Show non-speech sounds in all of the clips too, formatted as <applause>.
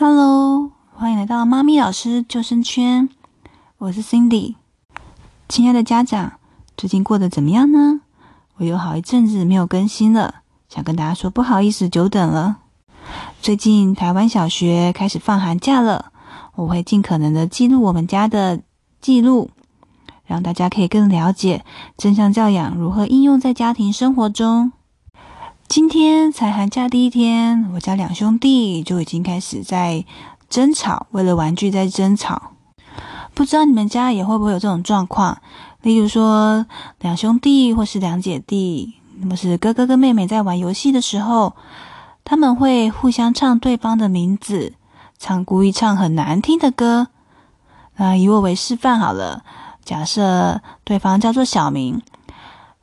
哈嘍，歡迎來到媽咪老師救生圈，我是 Cindy。親愛的家長，最近過得怎麼樣呢？我有好一陣子沒有更新了，想跟大家說不好意思，久等了。最近台灣小學開始放寒假了，我會儘可能的記錄我們家的記錄，讓大家可以更了解正向教養如何應用在家庭生活中。今天才寒假第一天，我家兩兄弟就已經開始在爭吵，為了玩具在爭吵。不知道你們家也會不會有這種狀況？例如說，兩兄弟或是兩姐弟，那麼是哥哥跟妹妹在玩遊戲的時候，他們會互相唱對方的名字，唱故意唱很難聽的歌。那、啊、以我為示範好了，假設對方叫做小明。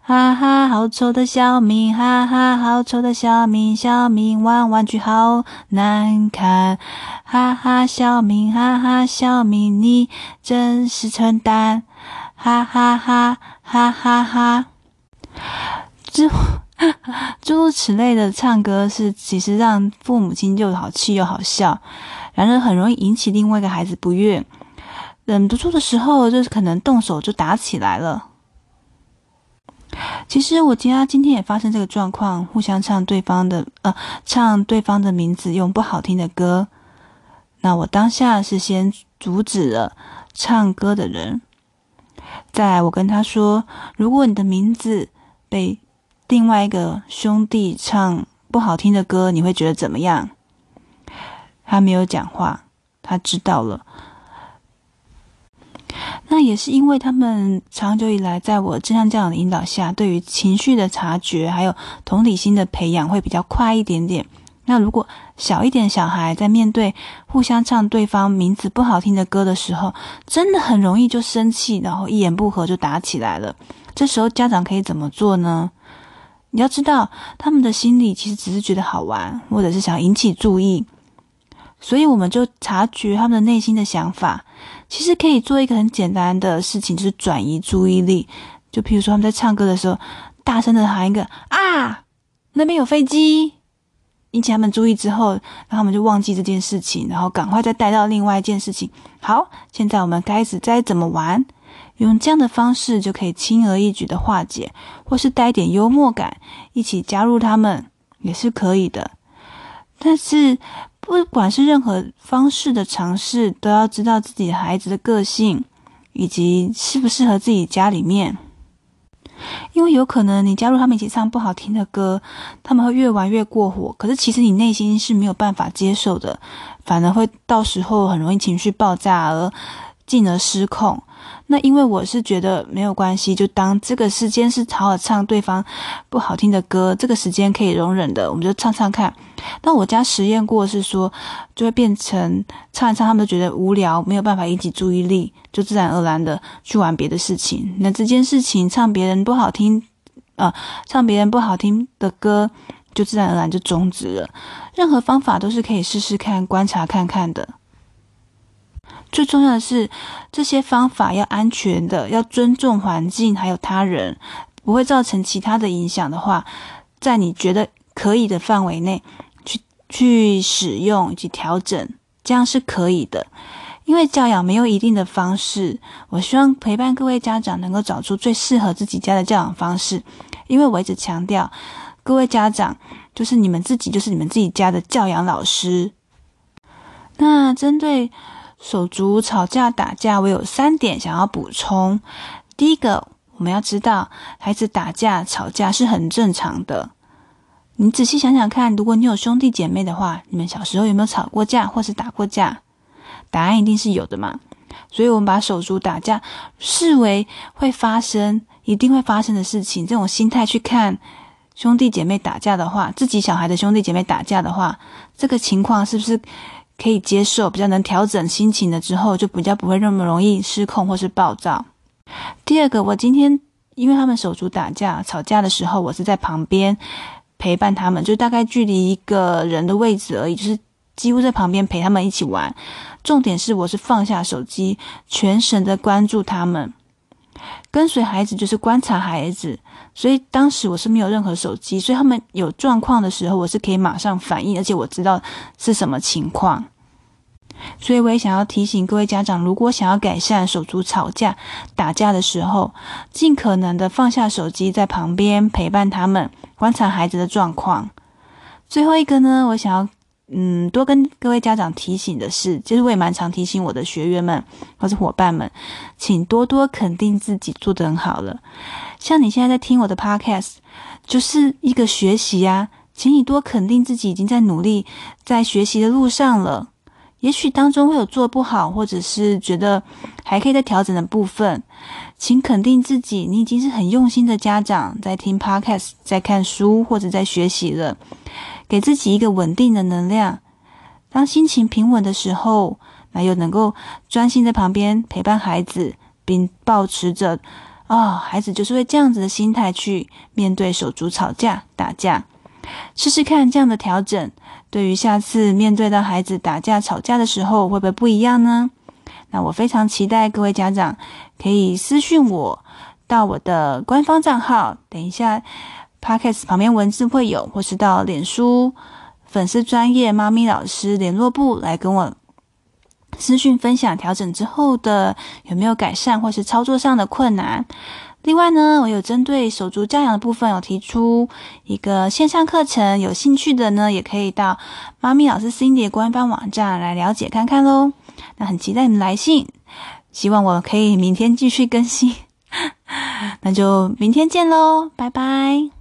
哈哈，好醜的小明！哈哈，好醜的小明，小明玩玩具好難看！哈哈，小明，哈哈，小明，你真是蠢蛋！哈哈哈哈哈哈。諸諸如此類的唱歌是，其實讓父母親又好氣又好笑，然後很容易引起另外一個孩子不悅，忍不住的時候，就是可能動手就打起來了。其實我家今天也發生這個狀況，互相唱對方的，呃，唱對方的名字，用不好聽的歌。那我當下是先阻止了唱歌的人，再來我跟他說：“如果你的名字被另外一個兄弟唱不好聽的歌，你會覺得怎麼樣？”他沒有講話，他知道了。那也是因為他們長久以來在我正向教養的引導下，對於情緒的察覺還有同理心的培養會比較快一點點。那如果小一點小孩在面對互相唱對方名字不好聽的歌的時候，真的很容易就生氣，然後一言不合就打起來了。這時候家長可以怎麼做呢？你要知道，他們的心裡其實只是覺得好玩，或者是想引起注意，所以我們就察覺他們的內心的想法。其實可以做一個很簡單的事情，就是轉移注意力。就譬如說，他們在唱歌的時候，大聲的喊一個“啊”，那邊有飛機，引起他們注意之後，然後他們就忘記這件事情，然後趕快再帶到另外一件事情。好，現在我們開始再怎麼玩，用這樣的方式就可以輕而易舉的化解，或是帶一點幽默感，一起加入他們也是可以的。但是。不管是任何方式的嘗試，都要知道自己孩子的個性，以及適不適合自己家裡面。因為有可能你加入他們一起唱不好聽的歌，他們會越玩越過火，可是其實你內心是沒有辦法接受的，反而會到時候很容易情緒爆炸，而進而失控。那因為我是覺得沒有關係，就當這個時間是好好唱對方不好聽的歌，這個時間可以容忍的，我們就唱唱看。但我家實驗過的是說，就會變成唱一唱，他們都覺得無聊，沒有辦法引起注意力，就自然而然的去玩別的事情。那這件事情唱別人不好聽，啊、呃，唱別人不好聽的歌，就自然而然就終止了。任何方法都是可以試試看，觀察看看的。最重要的是，這些方法要安全的，要尊重環境，還有他人，不會造成其他的影響的話，在你覺得可以的範圍內。去使用以及調整，這樣是可以的，因為教養沒有一定的方式。我希望陪伴各位家長能夠找出最適合自己家的教養方式，因為我一直強調，各位家長就是你們自己，就是你們自己家的教養老師。那針對手足吵架打架，我有三點想要補充。第一個，我們要知道，孩子打架吵架是很正常的。你仔細想想看，如果你有兄弟姐妹的話，你們小時候有沒有吵過架或是打過架？答案一定是有的嘛。所以，我們把手足打架視為會發生、一定會發生的事情，這種心態去看兄弟姐妹打架的話，自己小孩的兄弟姐妹打架的話，這個情況是不是可以接受？比較能調整心情了之後，就比較不會那麼容易失控或是暴躁。第二個，我今天因為他們手足打架吵架的時候，我是在旁邊。陪伴他們，就大概距離一個人的位置而已，就是幾乎在旁邊陪他們一起玩。重點是，我是放下手機，全神的關注他們，跟隨孩子，就是觀察孩子。所以當時我是沒有任何手機，所以他們有狀況的時候，我是可以馬上反應，而且我知道是什麼情況。所以，我也想要提醒各位家長，如果想要改善手足吵架、打架的時候，盡可能的放下手機，在旁邊陪伴他們，觀察孩子的狀況。最後一個呢，我想要，嗯，多跟各位家長提醒的是，就是我也蠻常提醒我的學員們或是夥伴們，請多多肯定自己做得很好了。像你現在在聽我的 Podcast，就是一個學習呀、啊，請你多肯定自己已經在努力在學習的路上了。也許當中會有做不好，或者是覺得還可以再調整的部分，請肯定自己，你已經是很用心的家長，在聽 podcast，在看書或者在學習了，給自己一個穩定的能量。當心情平穩的時候，那又能夠專心在旁邊陪伴孩子，並抱持着，哦，孩子就是會這樣子的心態去面對手足吵架打架。試試看這樣的調整，對於下次面對到孩子打架吵架的時候，會不會不一樣呢？那我非常期待各位家長可以私訊我，到我的官方賬號，等一下 Podcast 旁邊文字會有，或是到臉書粉絲專頁媽咪老師聯絡簿來跟我私訊分享調整之後的有沒有改善，或是操作上的困難。另外呢，我有針對手足教養的部分，有提出一個線上課程，有興趣的呢，也可以到媽咪老師 Cindy 官方網站來了解看看嘍。那很期待你們來信，希望我可以明天繼續更新。 <laughs> 那就明天見嘍，拜拜。